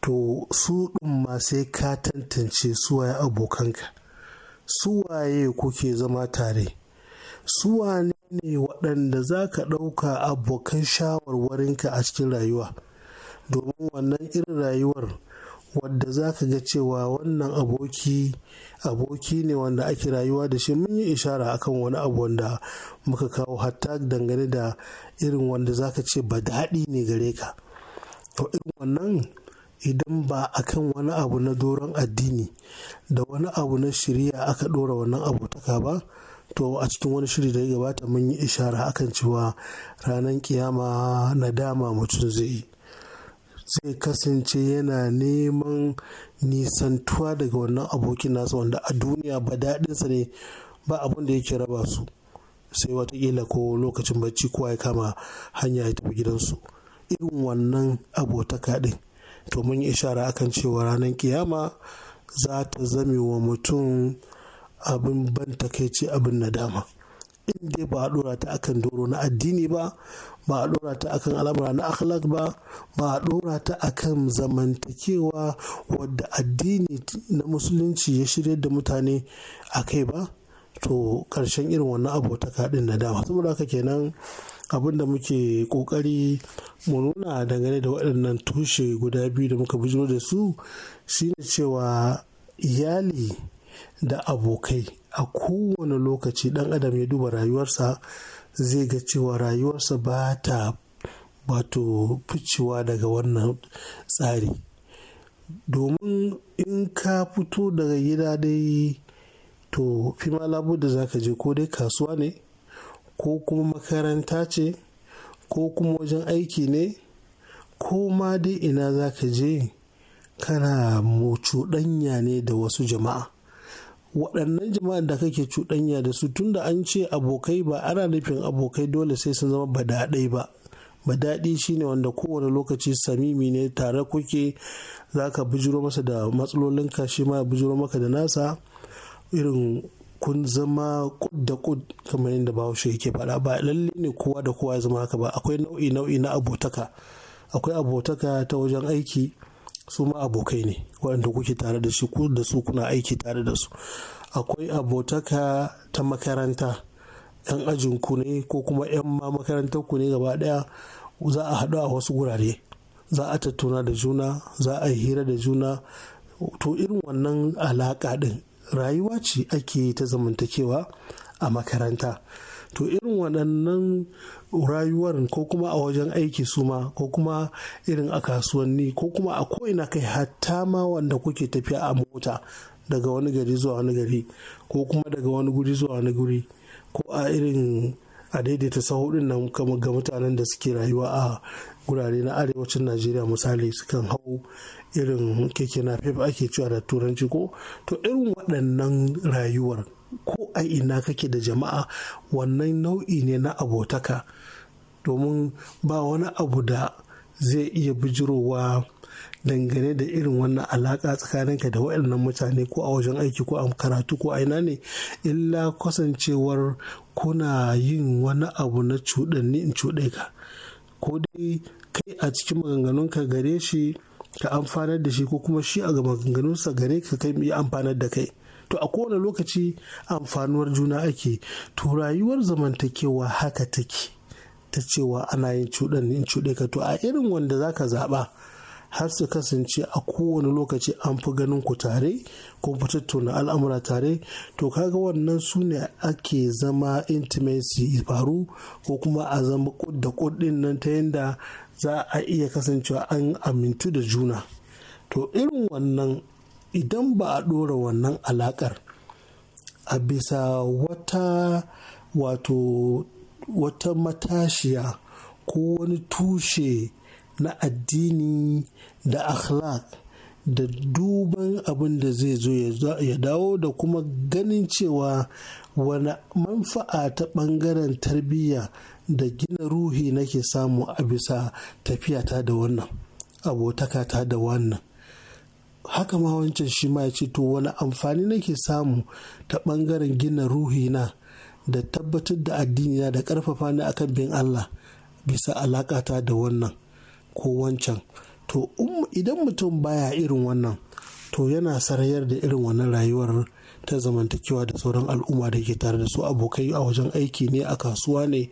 to su ɗin ma sai ka tantance suwaye abokanka suwaye kuke zama tare ne ne waɗanda za ka ɗauka abokan shawarwarinka a cikin rayuwa domin wannan irin rayuwar wadda za ka ga cewa wannan aboki aboki ne wanda ake rayuwa da shi mun yi ishara akan wani abu wanda muka kawo hatta dangane da irin wanda za ka ce ba daɗi ne gare ka to irin wannan idan ba akan wani abu na doron addini da wani abu na shirya aka ɗora wannan abotaka ba to a cikin wani shiri da ya gabata mun yi ishara akan cewa ranar kiyama na dama mutum zai yi zai kasance yana neman nisantuwa daga wannan abokin nasa wanda a duniya ba daɗinsa ne ba abin da yake raba su sai watakila ko lokacin bacci kowa ya kama hanya ya tafi gidansu irin wannan abotaka ɗin to mun yi ishara akan cewa ranar kiyama za ta zame wa mutum abin ban takaici abin nadama in dai ba a dora ta akan doro na addini ba ba a dora ta akan al'amura na akhlak ba ba a dora ta akan zamantakewa wadda addini na musulunci ya shirya da mutane a kai ba to karshen irin wannan ta kaɗin na dama saboda haka kenan abin da muke kokari mu nuna dangane da waɗannan tushe guda biyu da muka bujiro da su shine cewa iyali da abokai a kowane lokaci dan adam ya duba rayuwarsa zai ga cewa rayuwarsa ba ta bato ficewa daga wannan tsari domin in ka fito daga gida dai to fi labu da zaka je ko dai kasuwa ne ko kuma makaranta ce ko kuma wajen aiki ne ko ma dai ina zaka je kana cuɗanya ne da wasu jama'a waɗannan jama'ar da kake cuɗanya da su tunda an ce abokai ba ana nufin abokai dole sai sun zama badaɗai ba badaɗi shine wanda kowane lokaci samimi ne tare kuke za ka bijiro masa da matsalolinka shi ma bijiro maka da nasa irin kun zama kud da kud kamar yadda bahaushe yake faɗa ba lalle ne kowa da kowa ya zama haka ba akwai nau'i nau'i na abotaka akwai abotaka ta wajen aiki su ma abokai ne waɗanda kuke tare da shi da su kuna aiki tare da su akwai abotaka ta makaranta 'yan ajinku ne ko kuma 'yan ma makarantar ku ne gaba ɗaya za a haɗu a wasu wurare za a tattuna da juna za a yi hira da juna to irin wannan alaƙa ɗin rayuwa ce ake ta zamantakewa a makaranta to irin waɗannan rayuwar ko kuma a wajen aiki su ma ko kuma irin a kasuwanni ko kuma a ko'ina kai hatta ma wanda kuke tafiya a mota daga wani gari zuwa wani gari ko kuma daga wani guri zuwa wani guri ko a irin a daidaita sahudin nan kama ga mutanen da suke rayuwa a gurare na arewacin najeriya misali sukan hau irin keke na ake cewa da turanci ko to irin waɗannan rayuwar ko a ina kake da jama'a wannan nau'i ne na abotaka domin ba wani abu da zai iya bijirowa dangane da irin wannan alaƙa tsakaninka da waɗannan mutane ko a wajen aiki ko a karatu ko aina ne illa kasancewar kuna yin wani abu na cuɗanni in cuɗe ka ko dai kai a cikin maganganunka gare shi ka amfanar da shi ko kuma shi a maganganunsa gare ka kai yi amfanar da kai to a kowane lokaci amfanuwar juna ake to rayuwar zamantakewa haka take ta cewa ana yin cuɗan in cuɗe ka to a irin wanda zaka zaɓa har su kasance a kowane lokaci an fi ganin ku tare ko fi tattauna al'amura tare to kaga wannan su ne ake zama intimacy faru ko kuma a zama da kudin nan ta yadda za a iya kasancewa an amintu da juna to irin wannan idan ba a ɗora wannan alaƙar a bisa wata wato wata matashiya ko wani tushe na addini da akhlaq da duban abin da zai zo ya dawo da kuma ganin cewa wani manfa'a ta ɓangaren tarbiyya da gina ruhi nake samu a bisa tafiyata da wannan abotakata da wannan haka ma wancan shi ma ya ce to wani amfani nake samu ta bangaren gina ruhina da tabbatar da addinina da karfafa ni akan bin Allah bisa alakata da wannan ko wancan to um, idan mutum baya irin wannan to yana sarayar da irin wannan rayuwar ta zamantakewa da sauran al'umma da ke tare da su abokai a wajen aiki ne a kasuwa ne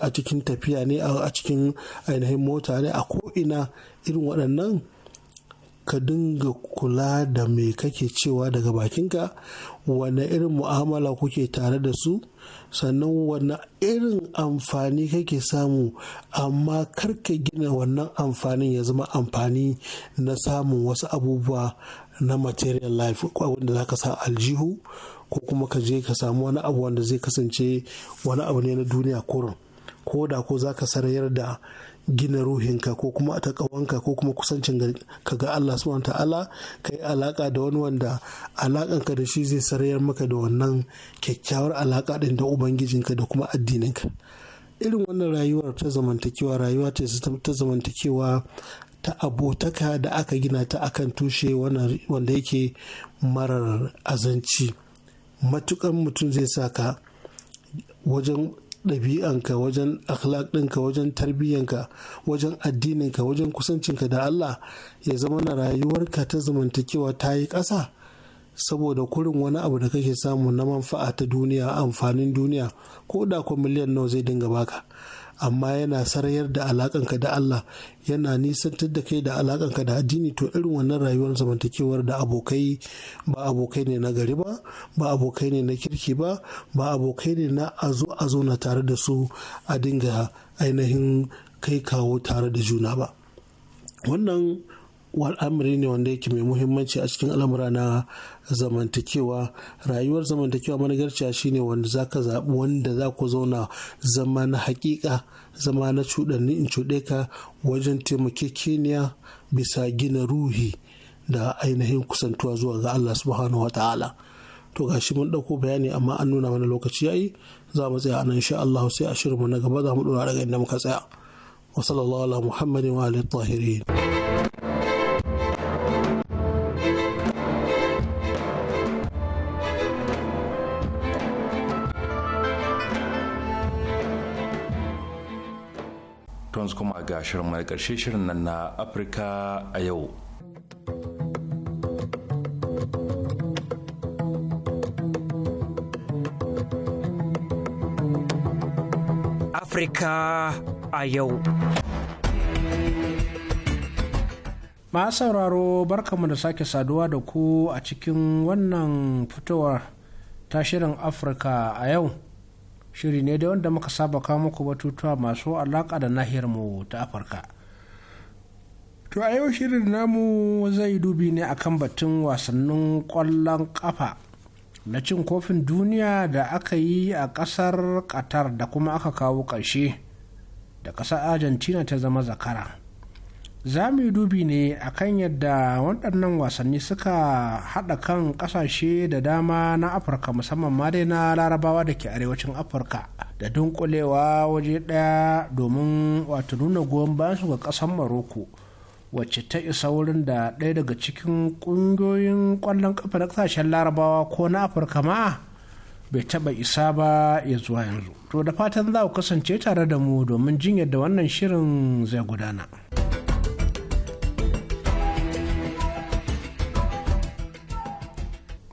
a cikin tafiya ne a cikin ainihin mota ne a ko'ina irin waɗannan ka dinga kula da me kake cewa daga bakinka wane irin mu'amala kuke tare da su sannan wane irin amfani kake samu amma karka gina wannan amfanin ya zama amfani na samun wasu abubuwa na material life ko wanda za ka sa aljihu ko kuma ka je ka samu wani abu wanda zai kasance wani abu ne na duniya kurin ko da ko za ka sarayar da gina ruhinka ko kuma ta taƙawanka ko kuma kusancin ka ga Allah subhanahu ta'ala yi alaƙa da wani wanda ka da shi zai sarayar maka da wannan kyakkyawar alaka ɗin da ubangijinka da kuma addininka irin wannan rayuwar ta zamantakewa rayuwa ce ta zamantakewa ta abotaka da aka gina ta akan tushe wanda yake marar azanci matukan mutum zai sa ka wajen ɗabi'anka wajen akhlaƙinka ɗinka wajen tarbiyyanka wajen addininka wajen kusancinka da Allah ya zama na rayuwarka ta zamantakewa ta yi ƙasa saboda kurin wani abu da kake samu na manfa'a ta duniya amfanin duniya ko da kwa miliyan nawa zai dinga baka amma yana sarayar da alakanka da Allah yana nisantar da kai da alakanka da addini to irin wannan rayuwar zamantakewar da abokai ba abokai ne na gari ba ba abokai ne na kirki ba ba abokai ne na azo azo na tare da su a dinga ainihin kai kawo tare da juna ba wannan al'amari ne wanda yake mai muhimmanci a cikin al'amura na zamantakewa rayuwar zamantakewa managarciya shine wanda za ka zaɓi wanda za ku zauna zama na haƙiƙa zama na cuɗanni in cuɗe ka wajen taimakekeniya bisa gina ruhi da ainihin kusantuwa zuwa ga Allah subhanahu wa ta'ala to ga shi mun ɗauko bayani amma an nuna mana lokaci yayi za mu tsaya anan insha Allah sai a shirinmu na gaba za mu ɗora daga inda muka tsaya wa sallallahu ala muhammadin wa alihi tahirin yanzu kuma ga shirin mai karshe shirin nan na afirka a yau afirka a yau ma sauraro barkamu da sake saduwa da ku a cikin wannan fitowar ta shirin afirka a yau shiri ne da wanda muka saba kawo muku batutuwa masu alaƙa da nahiyar mu ta afirka to a yau shirin namu zai dubi ne akan batun wasannin ƙwallon ƙafa na cin kofin duniya da aka yi a ƙasar qatar da kuma aka kawo ƙarshe da ƙasar argentina ta zama zakara za mu yi dubi ne a kan yadda waɗannan wasanni suka haɗa kan ƙasashe da dama na afirka musamman ma dai na larabawa da ke arewacin afirka da dunkulewa waje ɗaya domin wato nuna goyon bayan su ga ƙasar maroko wacce ta isa wurin da ɗaya daga cikin ƙungiyoyin ƙwallon ƙafa na ƙasashen larabawa ko na afirka ma bai taɓa isa ba ya zuwa yanzu to da fatan za ku kasance tare da mu domin jin yadda wannan shirin zai gudana.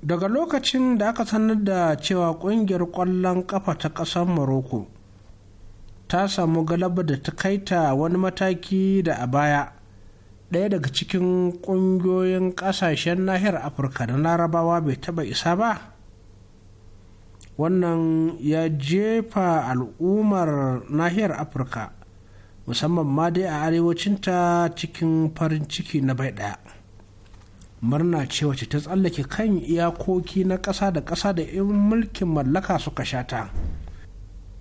daga lokacin da aka sanar da cewa kungiyar ƙwallon ƙafa ta ƙasar morocco ta samu galaba da ta kai ta wani mataki da a baya ɗaya daga cikin ƙungiyoyin ƙasashen nahiyar afirka da larabawa bai taɓa isa ba wannan ya jefa al'ummar nahiyar afirka musamman ma dai a arewacinta cikin farin ciki na bai ɗaya murna ce ta tsallake kan iyakoki na ƙasa da ƙasa da 'yan mulkin mallaka suka shata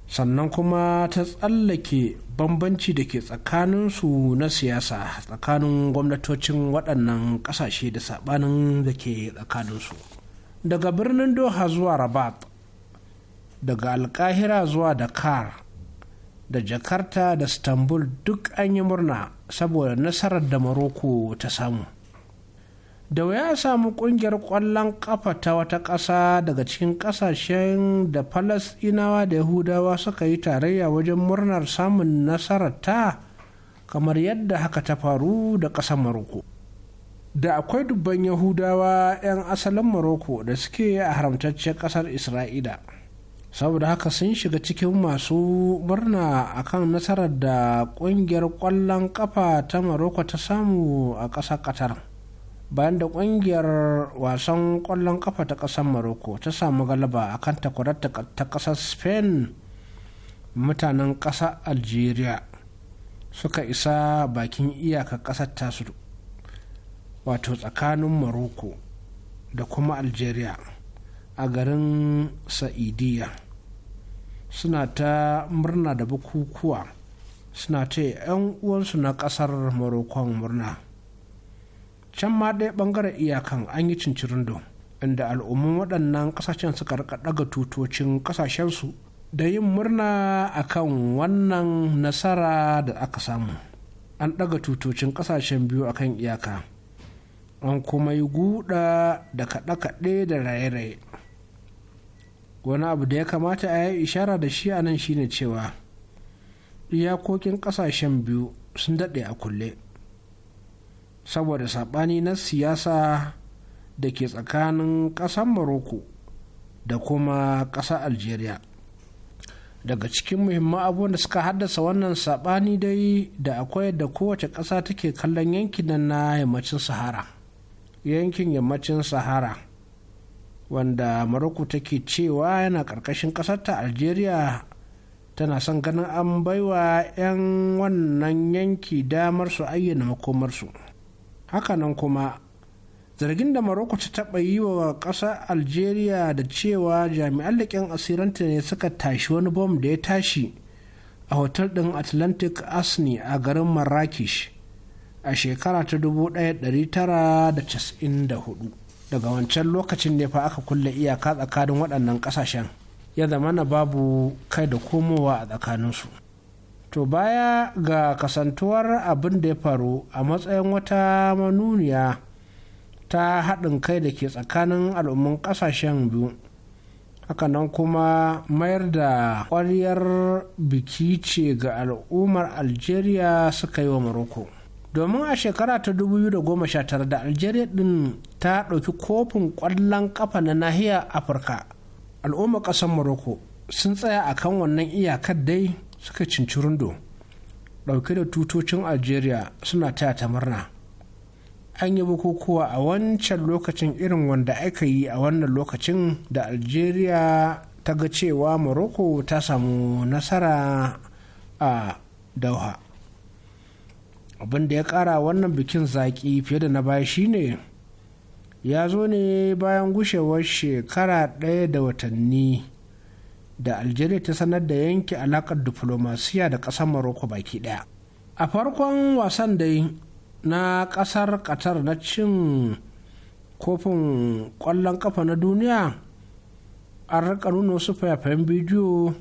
sannan kuma ta tsallake bambanci da ke tsakaninsu na siyasa tsakanin gwamnatocin waɗannan ƙasashe da saɓanin da ke tsakaninsu daga birnin doha zuwa rabat daga alkahira zuwa dakar da jakarta da istanbul duk an yi murna saboda nasarar da maroko ta samu da ya samu kungiyar kwallon kafa ta wata ƙasa daga cikin ƙasashen da falasɗinawa da yahudawa suka yi tarayya wajen murnar samun nasarar ta kamar yadda haka ta faru da ƙasar maroko da akwai dubban yahudawa 'yan asalin maroko da suke a haramtaccen ƙasar isra'ila saboda haka sun shiga cikin masu murna a kan nasarar da ƙungiyar ƙwallon ƙafa ta maroko ta samu a ƙasar ƙatar. bayan da kungiyar wasan kwallon kafa ta kasar morocco ta samu galaba a kan takwarar ta kasar spain mutanen ƙasar algeria suka isa bakin iyaka ƙasar tasu wato tsakanin morocco da kuma algeria a garin sa'idiya suna ta murna da bukukuwa suna ta 'yan uwansu na ƙasar morocco murna can ma ɗaya ɓangaren iyakan an yi don inda al'ummun waɗannan ƙasashen suka rika ɗaga tutocin ƙasashensu da yin murna akan wannan nasara da aka samu an ɗaga tutocin ƙasashen biyu akan iyaka an kuma yi guda da kaɗe-kaɗe da raye-raye wani abu da ya kamata a yi ishara da shi anan nan shine cewa iyakokin ƙasashen biyu sun daɗe a kulle saboda saɓani na siyasa da ke tsakanin ƙasar Morocco da kuma ƙasar Algeria. Daga cikin muhimman abubuwan da suka haddasa wannan saɓani dai da akwai da kowace ƙasa take kallon yankin nan na yammacin Sahara. Yankin yammacin Sahara wanda Morocco take cewa yana ƙarƙashin ƙasarta Algeria tana son ganin an baiwa 'yan wannan yanki damar su ayyana makomarsu. hakanan kuma zargin da maroko ta taɓa yi wa ƙasa algeria da cewa jami'an liƙin asiranta ne suka tashi wani bom da ya tashi a hotel ɗin atlantic asni a garin marrakesh a shekara ta 1994 daga wancan lokacin ne fa aka kulle iyaka tsakanin waɗannan ƙasashen ya zama na babu kai da komowa a tsakaninsu to baya ga kasantuwar abin da ya faru a matsayin wata manuniya ta haɗin kai da ke tsakanin al'umman ƙasashen biyu hakanan kuma mayar da ƙwaryar biki ce ga al'ummar algeria suka yi wa morocco domin a shekara ta 2019 da algeria din ta ɗauki kofin ƙwallon ƙafa na nahiyar afirka al'ummar ƙasar morocco sun tsaya akan wannan iyakar dai suka cincirundo ɗauke da tutocin algeria suna taya ta murna an yi bukukuwa a wancan lokacin irin wanda aka yi a wannan lokacin da algeria ta ga cewa morocco ta samu nasara a dauha Abinda ya kara wannan bikin zaki fiye da na baya shine ya zo ne bayan gushewar shekara ɗaya da watanni da algeria ta sanar da yanke alakar diplomasiya da ƙasar morocco baki ɗaya a farkon wasan dai na ƙasar qatar na cin kofin ƙwallon ƙafa na duniya an rika nuna wasu fayafayen bidiyo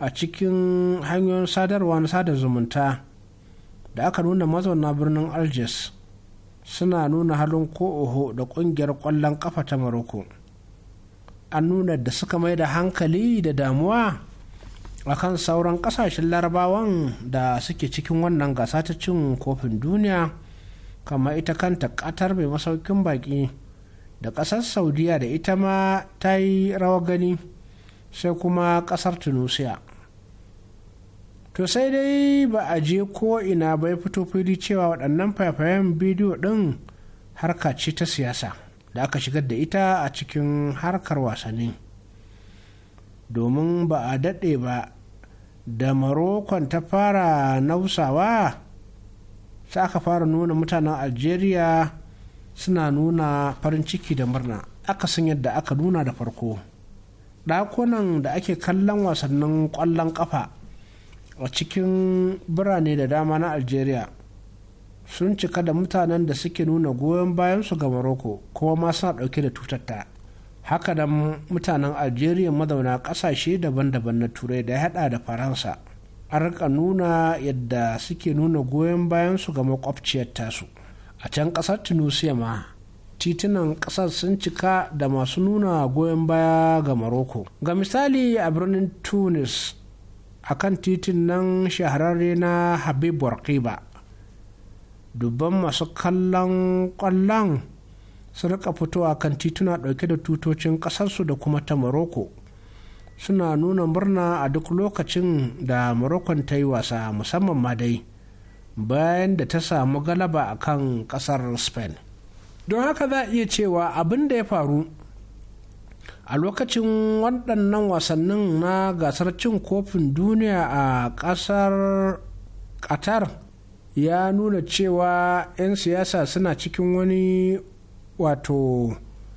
a cikin hanyoyin sadarwa na sada zumunta da aka nuna mazauna birnin algiers suna nuna halin ko da ƙungiyar ƙwallon ƙafa ta morocco an nuna da suka mai da hankali da damuwa a kan sauran kasashen larabawan da suke cikin wannan gasa ta cin kofin duniya kamar ita kanta ƙatar mai masaukin baƙi da ƙasar saudiya da ita ma ta yi rawa gani sai kuma ƙasar tunisia to sai dai ba a je ko ina bai fito fili cewa waɗannan faifayen bidiyo ɗin harka ce ta siyasa da aka shigar da ita a cikin harkar wasannin domin ba a daɗe ba da marokon ta fara nausawa ta aka fara nuna mutanen algeria suna nuna farin ciki da murna aka sun yadda aka nuna da farko ɗakunan da ake kallon wasannin ƙwallon ƙafa a cikin birane da dama na algeria sun cika da mutanen da suke nuna goyon bayansu ga Morocco kuma ma suna ɗauke da tutatta. Haka da mutanen Algeria mazauna ƙasashe daban-daban na Turai da haɗa da Faransa. An rika nuna yadda suke nuna goyon bayansu ga makwabciyar tasu. A can ƙasar Tunisia ma, titunan ƙasar sun cika da masu nuna goyon baya ga Morocco. Ga misali a birnin Tunis, akan titin nan shahararre na Habib Bourguiba. dubban masu kallon kwallon su rika fitowa kan tituna dauke da tutocin kasarsu da kuma ta morocco suna nuna murna a duk lokacin da morocco ta yi wasa musamman ma dai bayan da ta samu galaba a kan kasar spain don haka za a iya cewa abin da ya faru a lokacin waɗannan wasannin na gasar cin kofin duniya a ƙasar qatar ya nuna cewa 'yan siyasa suna cikin wani wato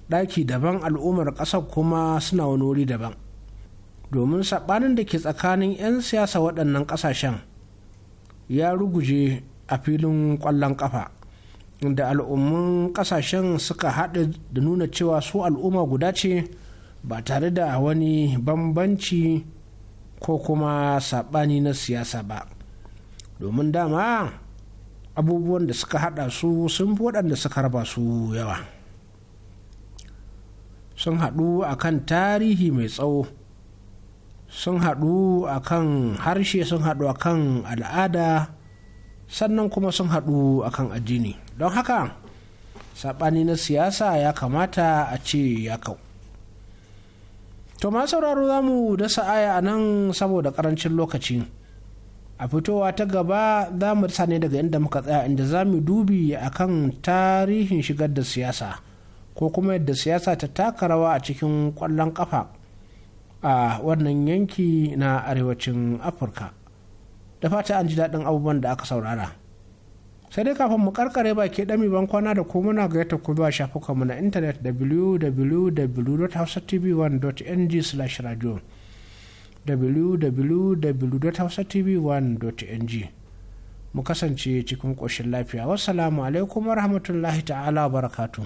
ɗaki daban al'ummar ƙasar kuma suna wani wuri daban domin saɓanin da ke tsakanin 'yan siyasa waɗannan ƙasashen ya ruguje a filin ƙwallon ƙafa da al'ummun ƙasashen suka haɗa da nuna cewa su al'umma guda ce ba tare da wani bambanci ko kuma saɓani na siyasa ba domin dama abubuwan da suka hada su sun fi waɗanda suka raba su yawa sun haɗu a kan tarihi mai tsawo sun haɗu a kan harshe sun haɗu a kan al'ada sannan kuma sun haɗu a kan addini don haka saɓani na siyasa ya kamata a ce ya kau to ma sauraro za mu dasa aya a nan saboda ƙarancin lokaci a fitowa ta gaba za mu sane daga inda muka tsaya inda za mu dubi a kan tarihin shigar da siyasa ko kuma yadda siyasa ta taka rawa a cikin kwallon kafa a wannan yanki na arewacin afirka da fata an ji daɗin abubuwan da aka saurara sai dai kafin mu karkare baki ɗami ban kwana da ko muna ga yata ku shafukanmu na intanet www.hausatv1.ng/radio www.hausatv1.ng mu kasance cikin ƙoshin lafiya wassalamu alaikum rahmatullahi ta'ala barakatu.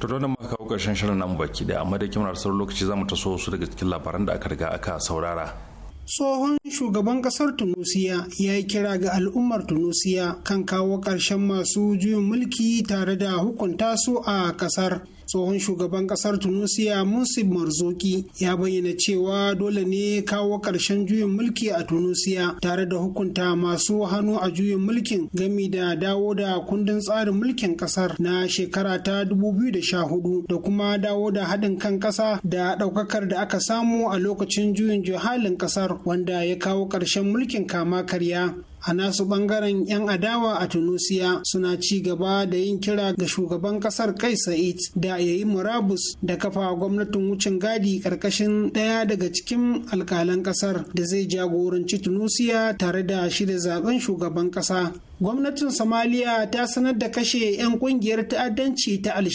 Tattalin maka kawo ƙarshen shirin nan baki da amma da kimar sauran lokaci za mu taso su daga cikin labaran da aka riga aka saurara tsohon shugaban kasar tunusiya ya yi kira ga al'ummar tunusiya kan kawo ƙarshen masu juyin mulki tare da hukunta su a kasar tsohon shugaban kasar tunisia musi Marzoki ya bayyana cewa dole ne kawo ƙarshen juyin mulki a tunisia tare da hukunta masu hannu a juyin mulkin gami da dawo da kundin tsarin mulkin kasar na shekara ta 2014 da kuma dawo da haɗin kan ƙasa da ɗaukakar da aka samu a lokacin juyin juhalin kasar wanda ya kawo ƙarshen mulkin kama karya a nasu bangaren 'yan adawa a tunusiya suna ci gaba da yin kira ga shugaban kasar kai sa'id da ya yi murabus da kafa gwamnatin wucin gadi karkashin ɗaya daga cikin alkalan kasar da zai jagoranci tunusiya tare da shirya zaben shugaban kasa gwamnatin somaliya ta sanar da kashe 'yan kungiyar ta'addanci ta al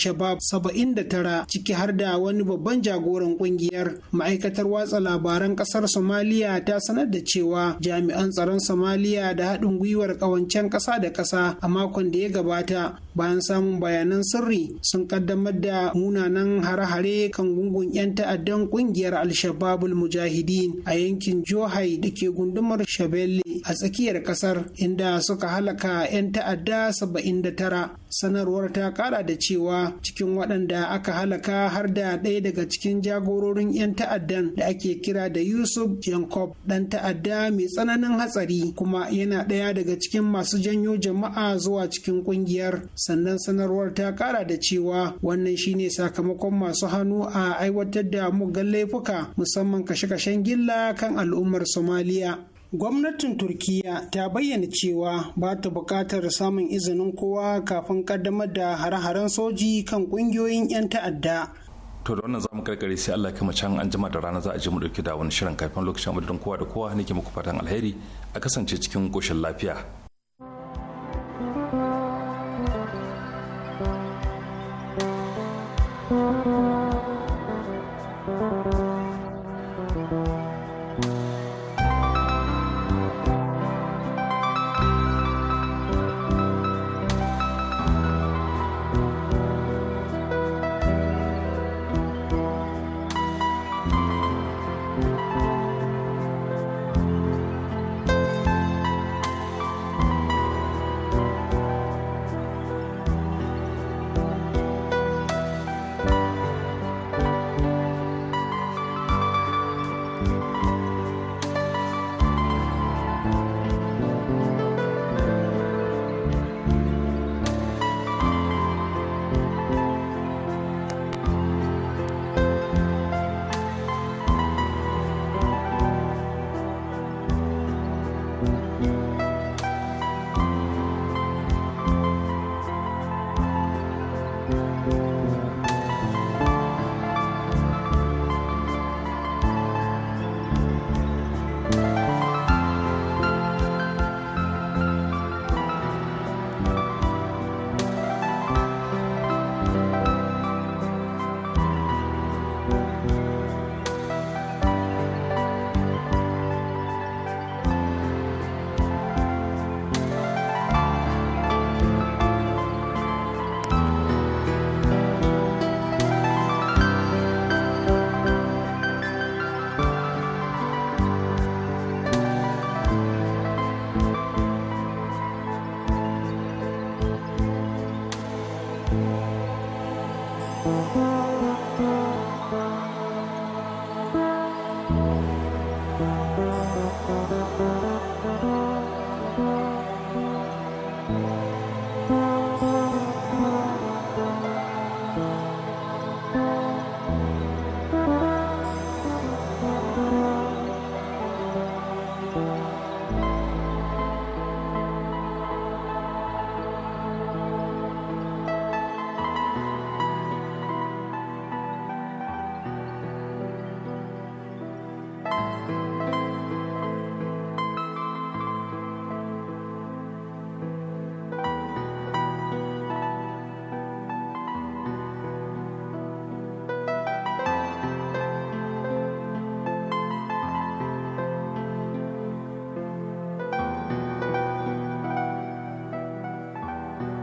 da tara, ciki har da wani babban jagoran kungiyar ma'aikatar watsa labaran kasar somaliya ta sanar da cewa jami'an tsaron somaliya da haɗin gwiwar ƙawancen ƙasa da ƙasa a makon da ya gabata bayan samun bayanan sirri sun kaddamar da munanan hare-hare kan gungun 'yan ta'addan kungiyar al-shabab mujahidin a yankin johai da ke gundumar shabelle a tsakiyar kasar inda suka hala tsallaka 'yan ta'adda 79 sanarwar ta kara da cewa cikin waɗanda aka halaka har da ɗaya daga cikin jagororin 'yan ta'addan da ake kira da yusuf jankob ɗan ta'adda mai tsananin hatsari kuma yana ɗaya daga cikin masu janyo jama'a zuwa cikin ƙungiyar sannan sanarwar ta kara da cewa wannan shine sakamakon masu hannu a aiwatar da muggan laifuka musamman kashe-kashen gilla kan al'ummar somaliya Gwamnatin turkiya ta bayyana cewa ba ta bukatar samun izinin kowa kafin kaddamar da hare-haren soji kan kungiyoyin 'yan ta'adda. To da wannan za mu karkare sai Allah kama can an jima da rana za a je mu dauki da wani shirin kafin lokacin madadin kowa da kowa nake muku fatan alheri a kasance cikin koshin lafiya.